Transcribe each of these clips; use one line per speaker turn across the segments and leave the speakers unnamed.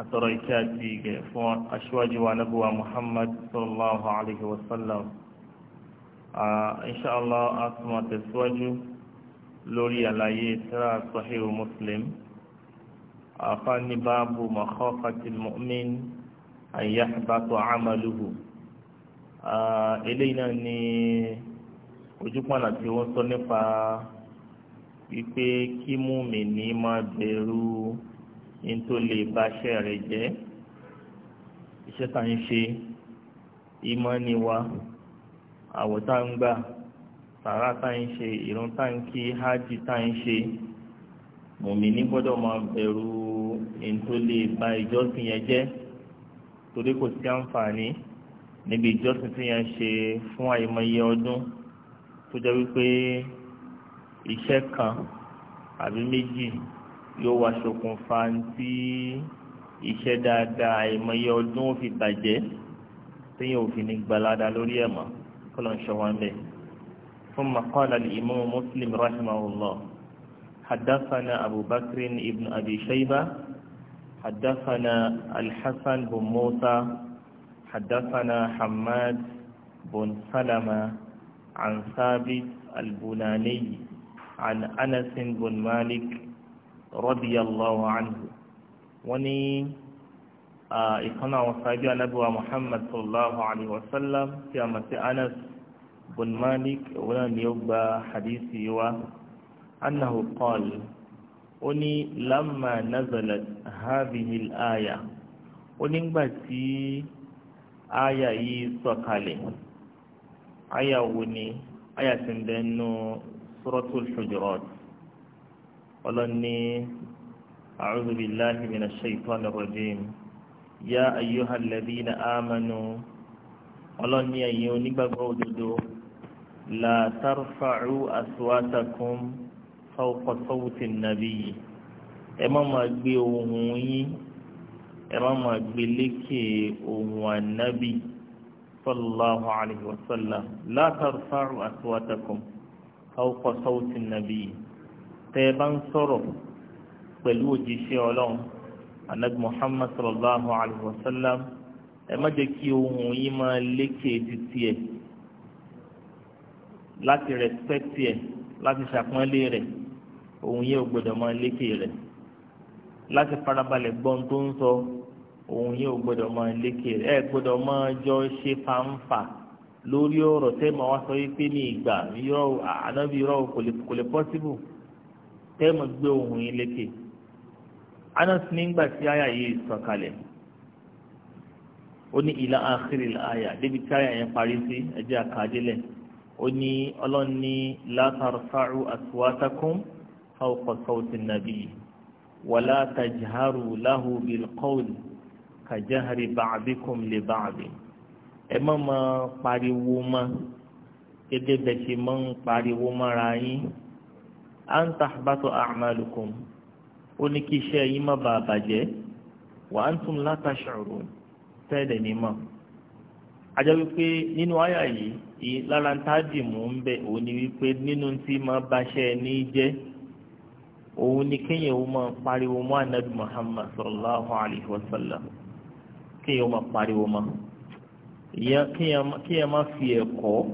atọrọ ìkẹ́ àti ìgẹ̀ fún aṣíwájú wa nabuwa muhammad sallallahu alaihi wasallam inṣáàlá a tún àtẹ̀síwájú lórí àlàyé tírà sahihu muslim àfáàní báàbù makhafatil mu'min an yahbata amaluhu eléyìí náà ni ojúpọ̀nà tí wọ́n sọ nípa wípé kí múmi ní máa bẹ̀rù nítorí lè ba iṣẹ́ rẹ̀ jẹ́ iṣẹ́ tá ń ṣe ìmọ̀ni wa àwọ̀ tá ń gbà sàrà tá ń ṣe ìrun tá ń kí hajj tá ń ṣe mùmíní gbọ́dọ̀ máa bẹ̀rù nítorí lè ba ìjọsìn yẹn jẹ́ torí kò sí àǹfààní níbi ìjọsìn tí yẹn ṣe fún àìmọye ọdún tó jẹ́ wípé iṣẹ́ kan àbí méjì yóò wá ṣokùnfà tí iṣẹ́ dáadáa àìmọye ọdún ó fi bàjẹ́ téèyàn ò fi ní gbalada lórí ẹ̀ mọ́ kọ́lọ̀ ń ṣọ́ wọn bẹ́ẹ̀. ثم قال الإمام مسلم رحمه الله حدثنا أبو بكر ابن أبي شيبة حدثنا الحسن بن موسى حدثنا حماد بن سلمة عن ثابت البناني عن أنس بن مالك radiyallahu anhu wọ́n ní ìkànnà àwọn sáájú anábíwá muhammad sallallahu alayhi wa sallam tí a mọ̀ sí anas bin malik òun náà ni ó gba hadisi wa annahu qala ó ní lamma nazalat hadhihi al-aya ó nígbà tí aya yìí sọ̀kalẹ̀ aya wo ni aya tí ń bẹ nínú suratul hujurat ọlọ́ni a'udhu billahi minash shaitani rajim ya ayyuhal ladhina amanu ọlọ́ni ẹ̀yin onígbàgbọ́ òdodo la tarfa'u aswatakum fawqa sawti an-nabiy ẹ má máa gbé ohùn yín ẹ má máa gbé lékè ohùn ànábì sallallahu alayhi wa sallam la tarfa'u aswatakum fawqa tẹ́ ẹ bá ń sọ̀rọ̀ pẹ̀lú òjíṣẹ́ ọlọ́run anabi muhammad sallallahu alayhi wa sallam ẹ má jẹ́ kí ohùn yín máa lékè títí ẹ̀ láti rẹ̀spẹ̀tì ẹ̀ láti ṣàpọ́nlé rẹ̀ ohùn yín ò gbọ́dọ̀ máa lékè rẹ̀ láti farabalẹ̀ gbọ́n tó ń sọ ohùn yín ò gbọ́dọ̀ máa lékè rẹ̀ ẹ gbọ́dọ̀ máa jọ ṣe fàǹfà lórí ọ̀rọ̀ tẹ́ màá wá sọ yìí pé ní ìgbà yọ̀ ànábì yọ̀ kò lè pọ́sibù tẹ́ẹ̀mù gbé ohùn yín lékè anas nígbà tí àyà yìí sọ̀kalẹ̀ ó ní ìlà àkìrì àyà débi tí àyà yẹn parí sí ẹjẹ́ àkàdélẹ̀ ó ní ọlọ́run ní la tarfa'u aswatakum fawqa sawti an-nabi wala tajharu lahu bil qawl kajahari ẹ má máa pariwo mọ́ gẹ́gẹ́ bẹ́ẹ̀ ṣe máa ń pariwo mọ́ra yín an tahbatu a'malukum ó ní kí iṣẹ́ yín má bàa bàjẹ́ wa antum la tash'urun tẹ́lẹ̀ ní mọ̀ ajá wípé nínú àyà yìí lára ń tá dìmú ń bẹ òun ni wípé nínú tí má báṣẹ́ ní jẹ́ òun ni kéèyàn ó máa pariwo mọ́ anabi muhammad sallallahu alayhi wa sallam kéèyàn ó máa pariwo mọ́ kéèyàn má fi ẹ̀kọ́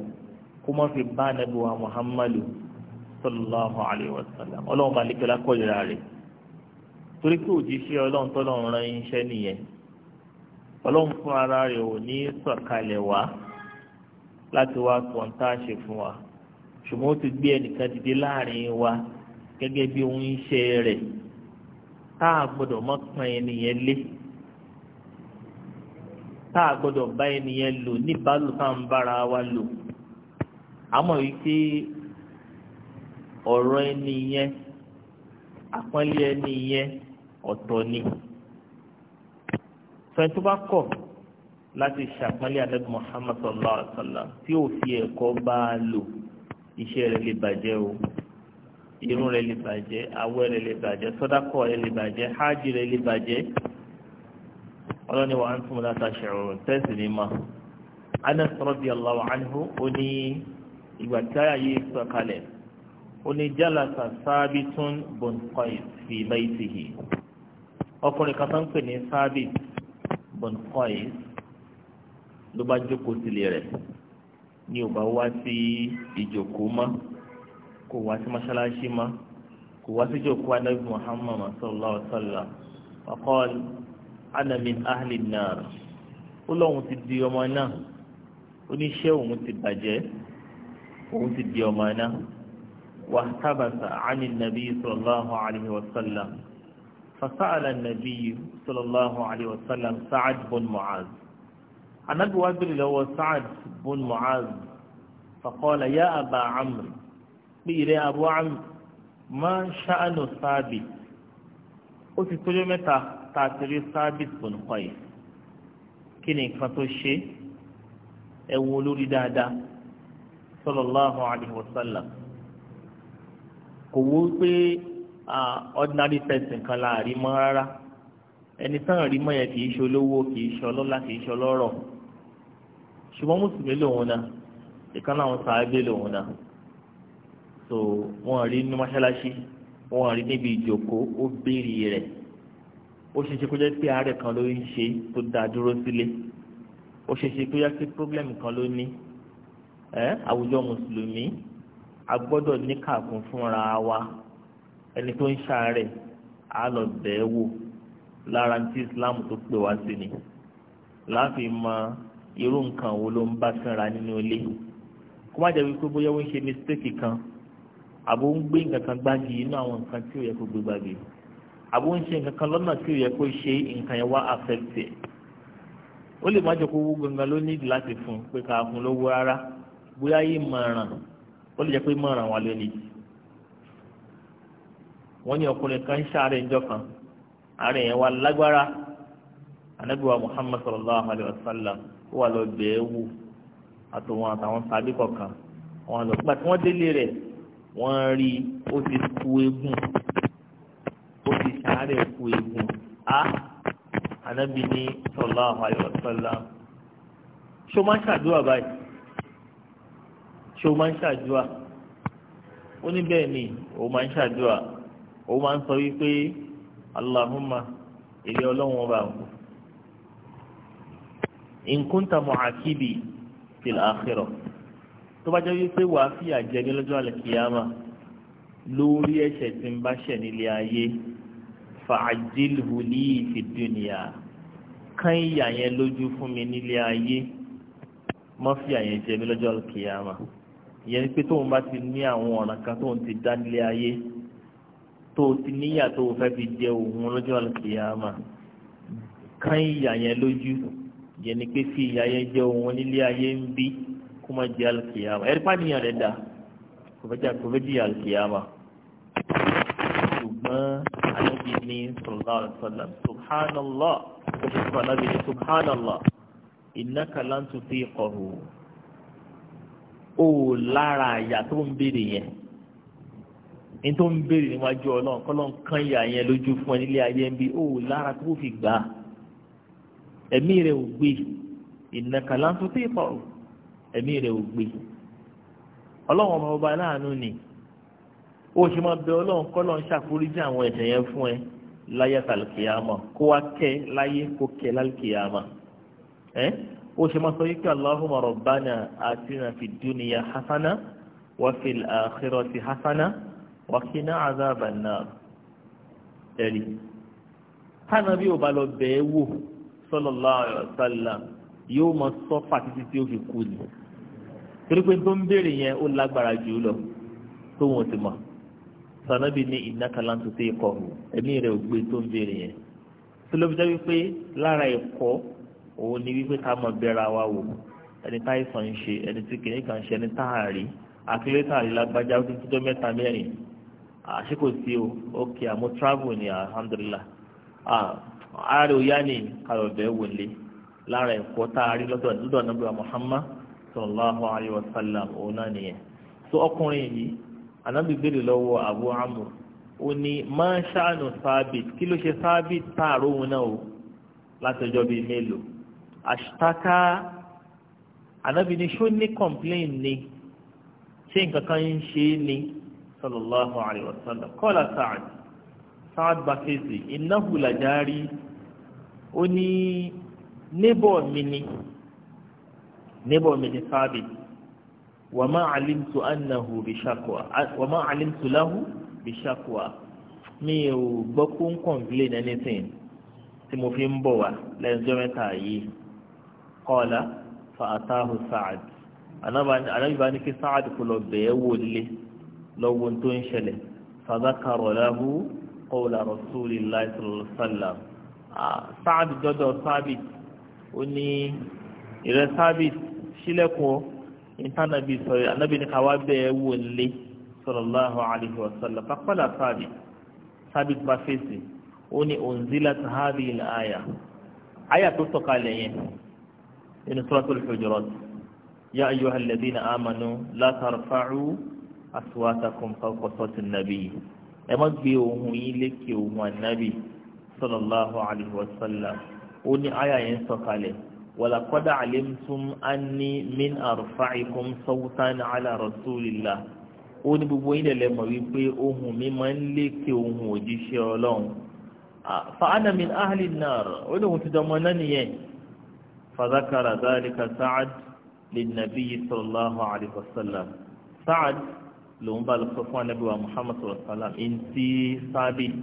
kó má fi bá anabi wa muhammadu. sallallahu alayhi wa sallam ọlọ́run bá lékè lákọ̀yìnrà rẹ̀ torí pé òjíṣẹ́ ọlọ́run rán iṣẹ́ nìyẹn ọlọ́run fún ara rẹ̀ ò ní sọ̀kalẹ̀ wá láti wá kọ́ńtà ṣe fún wa ti gbé ẹnìkan dìde láàrin wa gẹ́gẹ́ bí ohun iṣẹ́ rẹ̀ tá a gbọ́dọ̀ mọ́ pọn ẹnìyẹn lé tá a gbọ́dọ̀ bá ẹnìyẹn lò bára wa lò ọ̀rọ̀ ẹni yẹn àpọ́nlé ẹni yẹn ọ̀tọ̀ ni fẹ́ẹ́ tó bá kọ̀ láti ṣàpọ́nlé ànábì Muhammad sallallahu alaihi wa sallam tí ò fi ẹ̀kọ́ bá a lò iṣẹ́ rẹ̀ lè bàjẹ́ o irun rẹ̀ lè bàjẹ́ awẹ́ rẹ̀ lè bàjẹ́ sọ́dákọ̀ rẹ̀ lè bàjẹ́ hajj rẹ̀ lè bàjẹ́ ọlọ́ni wa ń túnmọ̀ láta ṣẹ̀rọ̀rọ̀ tẹ́sì ní ma Anas radiyallahu anhu ó ní ìgbà tí ayé sọ̀kalẹ̀ oníjàlásà sábìtún bọ̀nkọ́ì fi baytihi ọkùnrin kan tó ń pè ní sábìt bọ̀nkọ́ì ló bá jókòó sílé rẹ̀ ni ò bá wá sí ìjókòó mọ́ kò wá sí mọ́ṣáláṣí mọ́ kò wá sí ìjókòó anábì muhammad sallallahu alaihi wa sallam ọkọ́l ana min ahli an-nar ó lóun ti di ọmọ náà oníṣẹ́ òun ti bàjẹ́ òun ti di ọmọ náà. واحتبس عن النبي صلى الله عليه وسلم فسأل النبي صلى الله عليه وسلم سعد بن معاذ عن أبو أبري هو سعد بن معاذ فقال يا أبا عمرو بإلى أبو عمرو ما شأن ثابت وفي كل متى تعتري ثابت بن قيس كني فتوشي أولو لدادا صلى الله عليه وسلم kò wó pé ordinary person kan la rí mọ́ rárá ẹni tán rí mọ́ yẹn kì í ṣe olówó kì í ṣùgbọ́n mùsùlùmí lòun náà ìkan láwọn sàábé lòun náà so wọ́n rí ní mọ́ṣáláṣí wọ́n rí níbi ìjòkó ó béèrè rẹ̀ ó ṣe ṣe kó jẹ́ pé àárẹ̀ kan ló ń ṣe tó dá dúró sílé ó ṣe ṣe kó jẹ́ pé problem kan ló ní ẹ́ àwùjọ mùsùlùmí a gbọ́dọ̀ níkàkùn fúnra wa ẹni tó ń ṣàárẹ̀ á lọ bẹ̀ẹ́ wò lára tí islam tó pè wá sí ni láàfin mọ irú nǹkan wo ló ń bá fínra nínú ilé kó má jẹ́ wípé bóyá ó ń ṣe mistake kan àbó ń gbé nǹkan kan gbági inú àwọn nǹkan tí ò yẹ kó gbé gbági àbó ń ṣe nǹkan kan lọ́nà tí ò yẹ kó ṣe nǹkan yẹn wá affect ẹ̀ ó lè má jẹ́ kó wú gangan ló ní láti fún pé ká fún lówó rárá bóyá yìí mọ̀ràn ó lè jẹ́ pé mọ́ ràn lé ni wọ́n ní ọkùnrin kan ṣàárẹ̀ ńjọ́ kan àárẹ̀ yẹn wá lágbára anábìwá Muhammad sallallahu alayhi wa sallam ó wà lọ bẹ́ẹ̀ wù àtòwọn àtàwọn sábẹ́ kọ̀ọ̀kan wọn lọ gbà tí wọ́n délé rẹ̀ wọ́n rí ó ti kú eégún ó ti ṣàárẹ̀ kú eégún a anábì ní sallallahu alayhi wa sallam ṣó máa ń ṣàdúrà báyìí ṣé o máa ń ṣàdúrà ó ní bẹ́ẹ̀ ni òun máa ń ṣàdúrà òun máa ń sọ wípé Allahumma èlé ọlọ́run ọba ń in kunta mu'akibi fil akhirah tó bá jẹ́ wípé wàá fìyà jẹ ní lọ́jọ́ àlẹ́kìyàmà lórí ẹ̀ṣẹ̀ tí ń bá ṣẹ̀ nílé ayé fa'ajjilhu li fi kán ìyà yẹn lójú fún mi nílé ayé má yẹn jẹ mí lọ́jọ́ àlẹ́kìyàmà ìyẹn ni pé tóun bá ti ní àwọn ọ̀ràn kan tóun ti dá nílé ayé tó o ti níyà tó o fẹ́ fi jẹ òun lọ́jọ́ àlùkìyàmà kán ìyà yẹn lójú ìyẹn ni pé fi ìyà yẹn jẹ òun nílé ayé ń bí kó má jẹ àlùkìyàmà ẹ̀rí pàdéyàn rẹ̀ dà kò fẹ́ jà kò fẹ́ jìyà àlùkìyàmà ṣùgbọ́n alábi ní sallallahu alaihi wasallam subhanallah fi fún O lára àyà tó ń béèrè yẹn ní tó ń béèrè níwájú ọlọ́run kọ́lọ́n kan ìyà yẹn lójú fún ẹ nílé ayé ń bí ó lára tó fi gbà á ẹ̀mí rẹ̀ ò gbé ìnàkà láńtó tó ìpàrọ̀ ẹ̀mí rẹ̀ ò gbé ọlọ́run ọmọ ọba láàánú ni ó ṣe máa bẹ ọlọ́run kọ́lọ́n ṣàforíjì àwọn ẹ̀ṣẹ̀ yẹn fún ẹ láyé tàlùkìyàmọ̀ kó wá kẹ́ láyé kó kẹ́ lálùkìyàmọ̀ ẹ́. Eh? ó ṣe máa sọ yìí kí Allahumma rabbana atina fid dunya hasana wa fil akhirati hasana wa qina azaban nar ẹ̀rí tánàbí ò bá lọ bẹ̀ẹ́ wò sallallahu alaihi wasallam yóò máa sọ fàtítí tí ó fi kú ni torí pé tó ń béèrè yẹn ó lágbára jù lọ tó wọn ti mọ̀ sànàbí ní ìnákàlántó tó yẹ kọ ẹ̀mí rẹ̀ ò gbé tó ń béèrè yẹn tó ló fi jẹ́ wípé lára ẹ̀kọ́ òun ni wípé ká mọ̀ bẹ́ra wa wò ẹni tá ìsàn ń ṣe ẹni tí kìnìún kan ṣe ẹni táàrí akílẹ̀ táàrí lágbájá ó tó mẹ́ta mẹ́rin àṣekò sí o ok àmọ́ travel ni alhamdulillah ààrẹ òyá ni kàlọ́bẹ̀ wọlé lára ẹ̀kọ́ táàrí lọ́dọ̀ lọ́dọ̀ nàbẹ̀ Muhammad sallallahu alayhi wa sallam òun náà nìyẹn so ọkùnrin yìí anábì béèrè lọ́wọ́ Abu Amr ó ní máa ń ṣàánú sábìt kí ló ṣe sábìt táàrọ̀ òun náà o látọjọ́ bíi mélòó àṣìtáká ànábì ni ṣó ní complain ni ṣé nǹkan kan ń ṣe é ni sallallahu alayhi wa sallam kọ́lá Sa'ad Sa'ad bá fèsì innahu lajari ó ní níbọ̀ mi ni níbọ̀ mi ni sábì wàmá alimtu annahu bishakwa wàmá alimtu lahu bishakwa mi ò gbọ́ complain anything tí mo fi ń bọ̀ wá lẹ́yìn jọ́ yìí kọ́ọ̀lá fa'atahu sa'ad alábìbá ní kí sa'ad kò lọ bẹ̀ẹ́ wò lé lọ́wọ́ tó ń ṣẹlẹ̀ fàdákàrọ̀ láhú kọ́ọ̀lá rasulillahi sallallahu alaihi wasallam sa'ad dọ́dọ̀ sábìt ó ní ìrẹ́ sábìt sílẹ̀kùn ìtànàbí sọ̀rọ̀ anábì ní káwá bẹ́ẹ̀ wò lé sallallahu alaihi wasallam faqala sábìt sábìt bá fèsì ó aya tó sọ̀kalẹ̀ yẹn nínú suratul hujurat ya ayyuhal ladhina amanu la tarfa'u aswatakum fawqa sawti an-nabi ẹ má gbé ohùn yín lékè ohùn ànábì sallallahu alayhi wa sallam ó ní àyà yẹn sọ̀kalẹ̀ walaqad alimtum anni min arfa'ikum sawtan ala rasulillah ó ní gbogbo yín lẹ̀lẹ̀ mọ̀ wípé ohùn mi máa ń lékè ohùn òjíṣẹ́ ọlọ́run fa ana min ahli nar ó ní òun ti dọmọ náà nìyẹn. فذكر ذلك سعد للنبي صلى الله عليه وسلم سعد لو مبا لصفوان النبي محمد صلى الله عليه وسلم انتي ثابت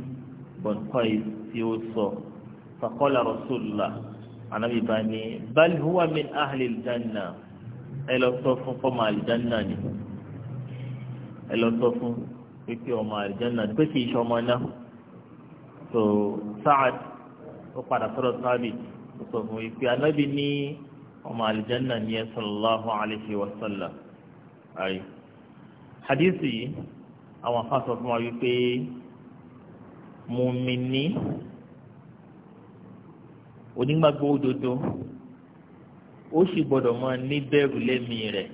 بن قيس يوسف فقال رسول الله أنا بني بل هو من أهل الجنة ẹlọ sọ fún fọmọ àlìjánà ni ẹlọ sọ fún pípé ọmọ àlìjánà ni pé kì í ṣe ọmọ ó sọ fún ipe anábì ní ọmọ àlìjánà ní ẹ sallallahu alaihi wa sallam àrí hadisi yìí àwọn afa sọ fún wa wípé mùmíní onígbàgbọ́ òdodo ó sì gbọ́dọ̀ máa ní bẹ̀rù lẹ́mìí rẹ̀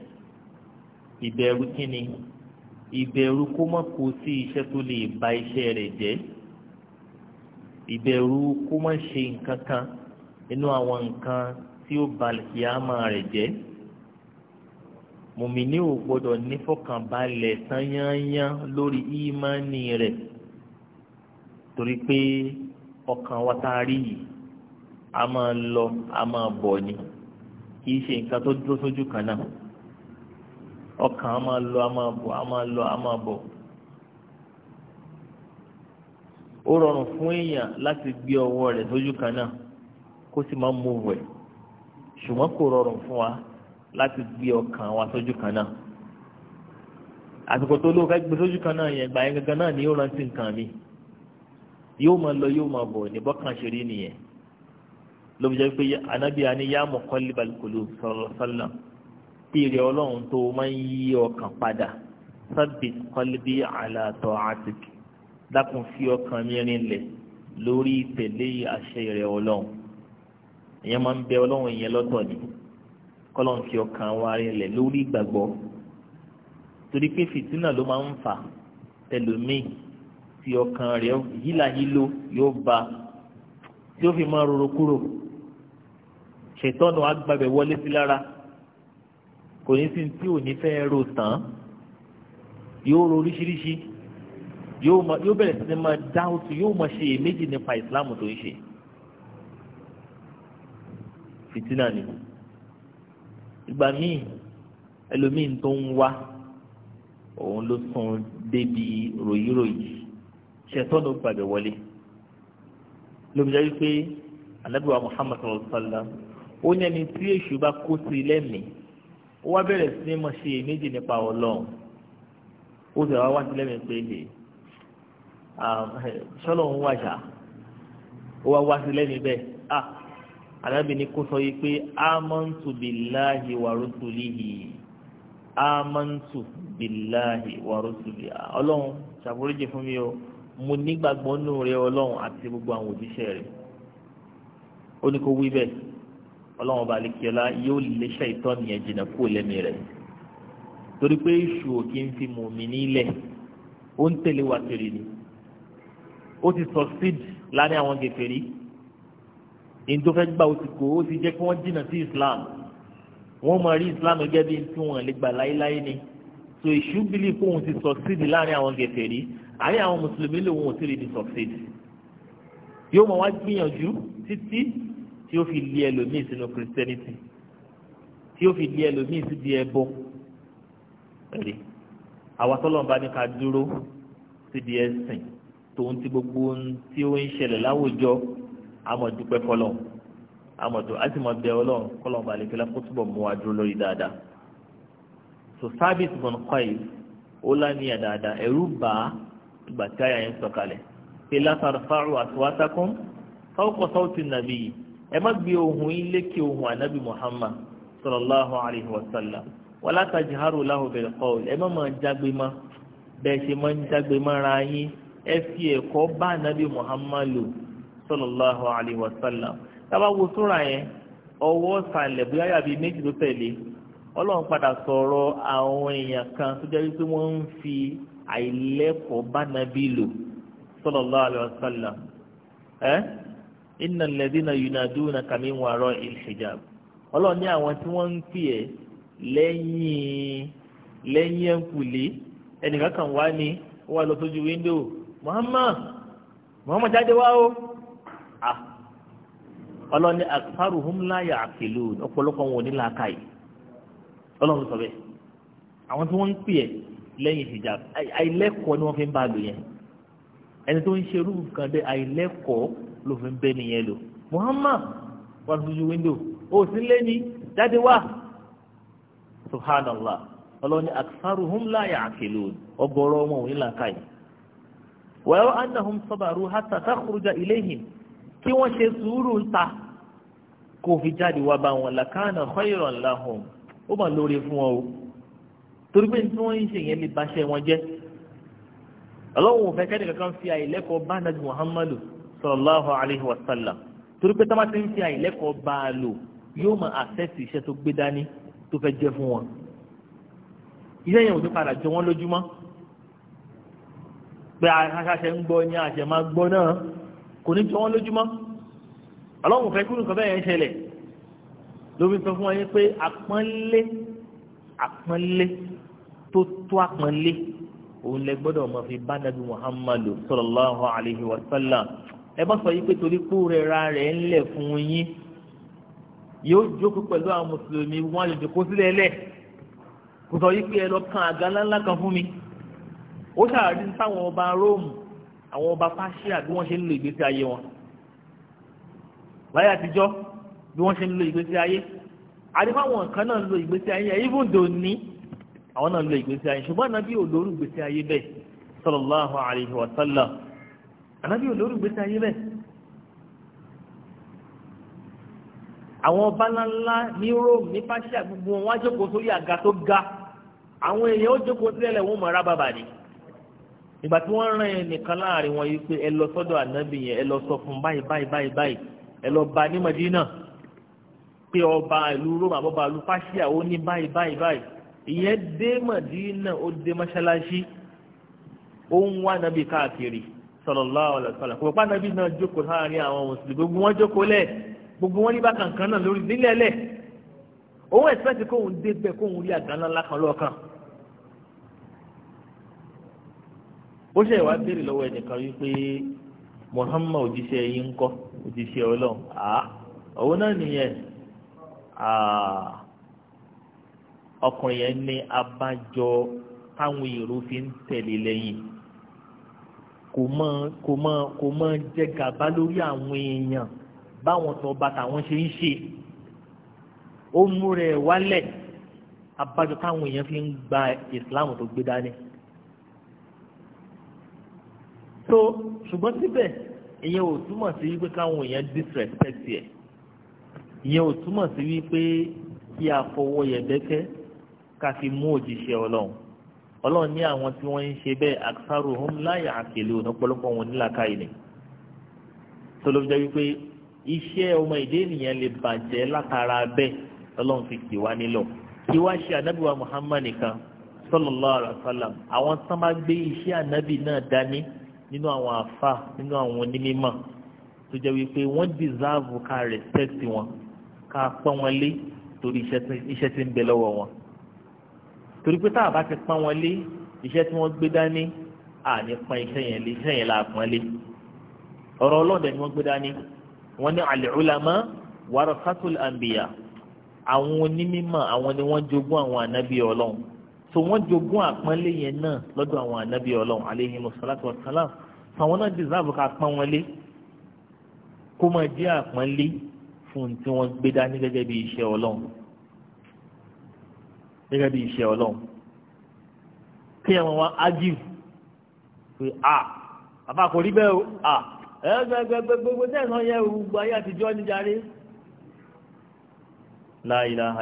ìbẹ̀rù kínni ìbẹ̀rù kó má kó sí iṣẹ́ tó lè ba iṣẹ́ rẹ̀ jẹ́ ìbẹ̀rù kó má ṣe nǹkan kan inú àwọn nǹkan tí ó balẹ̀ àmà rẹ̀ jẹ́ mùmíní ò gbọ́dọ̀ nífọ̀kànbalẹ̀ tányányán lórí ìmánì rẹ̀ torí pé ọkàn wa tá a rí yìí a máa lọ a máa bọ̀ ni kì í ṣe nǹkan tó dúró sójú kan náà ọkàn a máa lọ a máa bọ̀ a máa lọ a máa bọ̀. ó rọrùn fún èèyàn láti gbé ọwọ́ rẹ̀ sójú kan náà ó sì máa ń mú wẹ̀ ṣùgbọ́n kò rọrùn fún wa láti gbé ọkàn wa sójú kan náà àsìkò tó ló fẹ́ gbé sójú kan náà yẹn gbà yẹn gangan náà ni yóò rántí nǹkan mi yóò máa lọ yóò máa bọ̀ ní bọ́kàn ṣe rí nìyẹn ló fi jẹ́ pé anábì ani yá muqallibal qulub sallallahu alaihi wasallam ìrẹ̀ ọlọ́run tó máa ń yí ọkàn padà sabbit qalbi ala ta'atik dákun fi ọkàn mi rinlẹ̀ lórí tẹ̀lé àṣẹ ìrẹ̀ ọlọ́run ìyẹn máa ń bẹ ọlọ́run ìyẹn lọ́tọ̀ ni kọ́lọ́n fi ọkàn wa rinlẹ̀ lórí ìgbàgbọ́ torí pé fìtínà ló máa ń fà tẹlòmíì tí ọkàn rẹ̀ yílàyílò yóò ba tí ó fi máa rorò kúrò ṣètọ́nù agbábẹ̀ wọlé sí lára kò ní sí tí ò ní fẹ́ rò tán yóò ro oríṣiríṣi yóò bẹ̀rẹ̀ sí ni máa dáhùn sí yóò máa ṣe èméjì nípa ìsìláàmù tó ń ṣe fìtínà ni ìgbà míì ẹlòmíì tó ń wá òun ló sún débi ròyìnròyìn ṣètọ́nù gbàgbé wọlé lóbi jẹ́ wípé anábìwá Muhammad sallallahu alaihi wa sallam ó ní ẹni tí èṣù bá kó sí i lẹ́mìí ó wá bẹ̀rẹ̀ sí mọ̀ ṣe méjì nípa ọlọ́run ó sì wá wá sí lẹ́mìí pé lè um, ṣọ́lọ́run wájà ó wá wá sí lẹ́mìí bẹ́ẹ̀ arábìnrin kó sọ yìí pé amantu billahi wa rusulihi amantu billahi wa rusulihi ọlọ́run ṣàforíjì fún mi o mo nígbàgbọ́ nù rẹ ọlọ́run àti gbogbo àwọn òjíṣẹ́ rẹ ó ní kó wí bẹ́ẹ̀ ọlọ́run ọba àlekíọ́lá yóò lè ṣe ìtọ́ni ẹ̀ jìnnà kúrò lẹ́mí rẹ̀ torí pé èṣù ò kí ń fi mùmí nílẹ̀ ó ń tẹ̀lé wa kiri ni ó ti sọ síd lánàá àwọn gèfèrí èyí tó fẹ́ gbà ó ti kó ó ti jẹ́ kí wọ́n jìnnà sí islam wọ́n máa rí islam gẹ́gẹ́ bí tí wọ́n lè gbà láéláé ni so ìṣú bílí kó òun ti succeed láàrin àwọn gẹ̀fẹ̀rí àárín àwọn mùsùlùmí lòun ò ti rí di succeed yóò máa wá gbìyànjú títí tí ó fi lé ẹlòmíì sínú christianity tí ó fi lé ẹlòmíì sí di ẹbọ ẹ̀rí àwa tọ́lọ́mùbá di ẹ̀sìn tòun ti gbogbo ohun tí ó àmọ́ dúpẹ́ fọlọ́ àmọ́ tó àti mọ̀ bẹ ọlọ́run kọlọ́n balẹ̀ kẹlẹ́ kó túbọ̀ mú wa lórí dáadáa so service bọ̀n kọ́ì ó lánìyà dáadáa ẹ̀rú bá ìgbà tí àyà yẹn sọ̀kalẹ̀ pé látara fáwọn àtiwátákùn fáwọn sọ́ọ̀tì nàbí yìí ẹ má gbé ohùn yín lékè ohùn ànábì Muhammad sallallahu alayhi wa sallam wala tajharu lahu bil qawl ẹ má máa jágbe má bẹ́ẹ̀ ṣe máa ń jágbe mára yín ẹ fi ẹ̀kọ́ bá ànábì Muhammad lò sallallahu alaihi wasallam sallam tábà wo súra yẹn ọwọ́ sàlẹ̀ bóyá yàbí méjì ló tẹ̀lé ọlọ́run padà sọ̀rọ̀ àwọn èèyàn kan tó jẹ́ wípé wọ́n fi àìlẹ́kọ̀ọ́ bá nàbí lò sallallahu alaihi wasallam eh inna alladhina yunadunaka min wara'il hijab ọlọ́run ní àwọn tí wọ́n ń pè ẹ́ lẹ́yìn lẹ́yìn ẹ̀kùlé ẹnìkan kan wá ní wọ́n wá lọ sójú Muhammad Muhammad jáde wá o. ọlọ́run ní akfaruhum la ya'qilun ọ̀pọ̀lọpọ̀ wọn ò ní làákàyè ọlọ́run sọ bẹ́ẹ̀ àwọn tí wọ́n ń pè ẹ́ lẹ́yìn hijab àìlẹ́kọ̀ọ́ ni wọ́n fi ń bá lò yẹn ẹni tó ń ṣe irú kan dé àìlẹ́kọ̀ọ́ ló fi ń bẹ́ nìyẹn lò Muhammad wà lójú wíńdò ó sì lé ní jáde wá subhanallah ọlọ́ni aksaruhum la ya'qilun ọgọ́rọ̀ wọn ò ní làákàyè wẹ́ẹ́ annahum sabaru kí wọ́n ṣe sùúrù ń ta kó fi jáde wá bá wọn làkàna khayran lahum ó mà lóore fún wọn o torí pé tí wọ́n ń ṣe yẹn lè báṣẹ́ wọn jẹ́ ọlọ́run ò fẹ́ kẹ́ni kankan fi àìlẹ́kọ̀ọ́ bá nàbí muhammadu sallallahu alayhi wa sallam torí pé táwọn ń fi àìlẹ́kọ̀ọ́ bá a lò yóò mọ àṣẹ́sì iṣẹ́ tó gbé dání tó fẹ́ jẹ́ fún wọn iṣẹ́ yẹn ò ní padà jọ wọ́n lójúmọ́ pé aṣáṣe ń gbọ́ ní àṣẹ máa gbọ́ náà kò ní jọ wọ́n lójúmọ́ ọlọ́run fẹ́ kúrò nǹkan bẹ́ẹ̀ ń ṣẹlẹ̀ lórí sọ fún wa yín pé àpọ́nlé àpọ́nlé tó tó àpọ́nlé òun lẹ gbọ́dọ̀ mọ̀ fi bá nàbí muhammadu sallallahu alayhi wa sallam ẹ bá sọ yìí pé torí kú rẹ̀ ra rẹ̀ ńlẹ̀ fún yín yóò jókòó pẹ̀lú àwọn mùsùlùmí wọn àjòjò kó sílẹ̀ lẹ̀ kò sọ yìí pé ẹ lọ kan àga ńláńlá kan fún mi ó ṣàrí táwọn ọba róòmù àwọn ọba Páṣíà bí wọ́n ṣe ń lo ìgbésí ayé wọn láyé àtijọ́ bí wọ́n ṣe ń lo ìgbésí ayé àdìfáwọn kan náà ń lo ìgbésí ayé even though ní àwọn náà ń lo ìgbésí ayé ṣùgbọ́n ànábì olórí ìgbésí ayé bẹ́ẹ̀ sallallahu alayhi wa sallam ànábì olórí ìgbésí ayé bẹ́ẹ̀ àwọn ọba ńláńlá ní Rome ní Páṣíà gbogbo wọn wá jókòó sórí àga tó ga àwọn èèyàn ó jókòó sílẹ̀ wọn mọ̀ rábàbà ni ìgbà tí wọ́n rán ẹnìkan láàrin wọn yìí pé ẹ lọ sọ́dọ̀ ànábì yẹn ẹ lọ sọ fún báyìí báyìí báyìí báyìí ẹ lọ bá ní Madina pé ọba ìlú Rome àbọ̀bà ìlú Páṣíà ó ní báyìí báyìí báyìí ìyẹn dé Madina ó dé mọ́ṣáláṣí ó ń wá ànábì káàkiri sallallahu alaihi wasallam kò pa ànábì náà jókòó láàrin àwọn mùsùlùmí gbogbo wọn jókòó lẹ̀ gbogbo wọn ní bákan kan náà lórí nílẹ̀ lẹ̀ òun ẹ̀sìpẹ́ẹ̀tì kóun dé bẹ́ẹ̀ kóun rí àgbà ńlá kan lọ́ọ̀kan ó ṣe wá béèrè lọ́wọ́ ẹnìkan wípé Muhammad òjíṣẹ́ yín ń kọ́ òjíṣẹ́ ọlọ́run àá òun náà nìyẹn ọkùnrin yẹn ní abájọ táwọn èrò fi ń tẹ̀lé lẹ́yìn kò mọ kò mọ kò mọ jẹ gàba lórí àwọn èèyàn báwọn tó bá tàwọn ṣe ń ṣe ó mú rẹ̀ wálẹ̀ abájọ táwọn èèyàn fi ń gba ìsìláàmù tó gbé dání so ṣùgbọ́n síbẹ̀ ìyẹn ò túmọ̀ sí wípé káwọn èèyàn disrespect ẹ̀ ìyẹn ò túmọ̀ sí wípé kí a fọwọ́ yẹ̀bẹ́kẹ́ ká fi mú òjíṣẹ́ ọlọ́run ọlọ́run ní àwọn tí wọ́n ń ṣe bẹ́ẹ̀ aksaruhum la ya'qilun ọ̀pọ̀lọpọ̀ wọn nílàkàyè ni tó ló fi jẹ́ wípé iṣẹ́ ọmọ ìdí ènìyàn lè bàjẹ́ látara bẹ́ẹ̀ ọlọ́run fi kì wá nílọ̀ kí wá ṣe ànábìwá Muhammad nìkan sallallahu alaihi wasallam àwọn tán bá gbé iṣẹ́ ànábì náà dání nínú àwọn àfa nínú àwọn onímọ̀ tó jẹ́ wípé wọ́n dìsáàvù ká rẹ̀spẹ̀tì wọn ká pọ́n wọn lé torí iṣẹ́ tí ń bẹ lọ́wọ́ wọn torí pé tá a bá ti pọ́n wọn lé iṣẹ́ tí wọ́n gbé dání àní pọ́n iṣẹ́ yẹn lé iṣẹ́ yẹn là pọ́n lé ọ̀rọ̀ ọlọ́dẹ ni wọ́n gbé dání wọ́n ní al-ulama warasatul anbiya àwọn onímọ̀ àwọn ni wọ́n jogún àwọn ànábì ọlọ́run so wọ́n jogún àpọ́nlé yẹn náà lọ́dọ̀ àwọn ànábì ọlọ́run alayhi salatu wa salam àwọn náà dìsáàbù ká pọ́n wọn lé kó máa jẹ́ àpọ́nlé fún un tí wọ́n gbé dání gẹ́gẹ́ bí iṣẹ́ ọlọ́run gẹ́gẹ́ bí iṣẹ́ ọlọ́run kí ẹ̀wọ̀n wa ágìv pé a bàbá kò rí bẹ́ẹ̀ o a gbẹgbẹgbẹgbẹgbẹ tẹ̀sán yẹ gbogbo ayé àtijọ́ níjàre la ilaha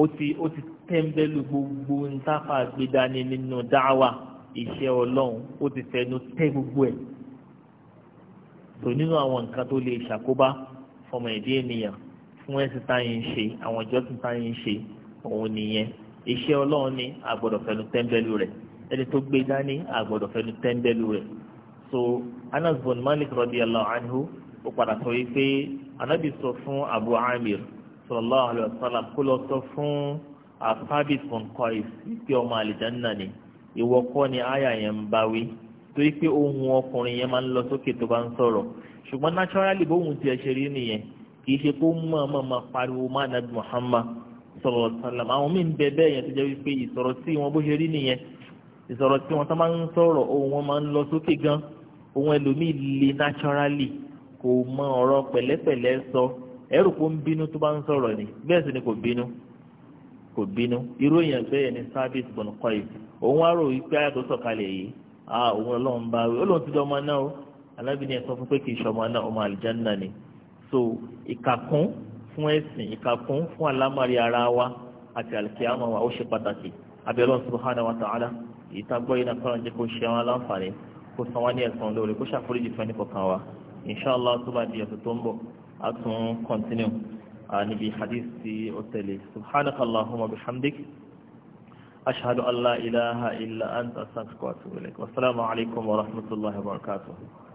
ó ti ó ti tẹ́ńbẹ́lú gbogbo ntáfà gbẹdání nínú dáwà iṣẹ́ ọlọ́run ó ti fẹnu tẹ́ gbogbo ẹ̀ tò nínú àwọn nǹkan tó lè ṣàkóbá fọmọ ìdí ènìyàn fún ẹ̀sìn táyìn ṣe àwọn ìjọsìn táyìn ṣe òun nìyẹn iṣẹ́ ọlọ́run ni àgbọ̀dọ̀ fẹnu tẹ́ńbẹ́lú rẹ̀ ẹni tó gbé dání àgbọ̀dọ̀ fẹnu tẹ́ńbẹ́lú rẹ̀ so Anas bin Malik radiyallahu anhu ó padà sọ wípé anabi sọ fún Abu Amir sallallahu alaihi wasallam kó lọ sọ fún afábìt mọ̀nkọ́ ìpè ọmọ àlìjáná ni ìwọ kọ́ ni àyà yẹn ń bá wí torí pé ohun ọkùnrin yẹn máa ń lọ sókè tó bá ń sọ̀rọ̀ ṣùgbọ́n naturally bóun tiẹ̀ ṣe rí nìyẹn kì ṣe kó mọ̀ mọ̀ máa pariwo máa nàbí Muhammad sallallahu alaihi wasallam àwọn míì ń bẹ bẹ́ẹ̀ yẹn tó jẹ́ wípé ìsọ̀rọ̀ tí wọ́n bó ṣe rí nìyẹn ìsọ̀rọ̀ tí wọ́n tó máa ń sọ̀rọ̀ ohun wọn máa ń lọ ẹrù kó ń bínú tó bá ń sọ̀rọ̀ ni bẹ́ẹ̀ sì ni kò bínú kò bínú irú èèyàn bẹ́ẹ̀ ni service bọ̀nù kọ́ yìí òun wá rò wípé ayé tó sọ̀kalẹ̀ yìí a òun ọlọ́run bá wí olóhùn ti di ọmọ náà o alábìíní ẹ̀ sọ fún pé kì í ṣọmọ náà ọmọ àlìjáná ni so ìkàkún fún ẹ̀sìn ìkàkún fún alámàrí ara wa àti àlìkíyàmọ̀ wa ó ṣe pàtàkì abẹ́lọ́n subhanahu wa ta'ala ìtagbọ́ yìí náà kọ́ra jẹ́ kó ṣe àwọn aláǹfààní kó san wá ní ẹ̀san lórí kó ṣàforíjì fẹ́ni kọ̀ọ̀kan wa inṣáàlá tó bá di ọ̀sẹ̀ tó ń bọ̀ a tún continue níbi hadith tí ó tẹ̀lé subhanaka allahumma bihamdik ashhadu an la ilaha illa anta astaghfiruka wa atubu ilaik wassalamu alaikum wa rahmatullahi wa barakatuh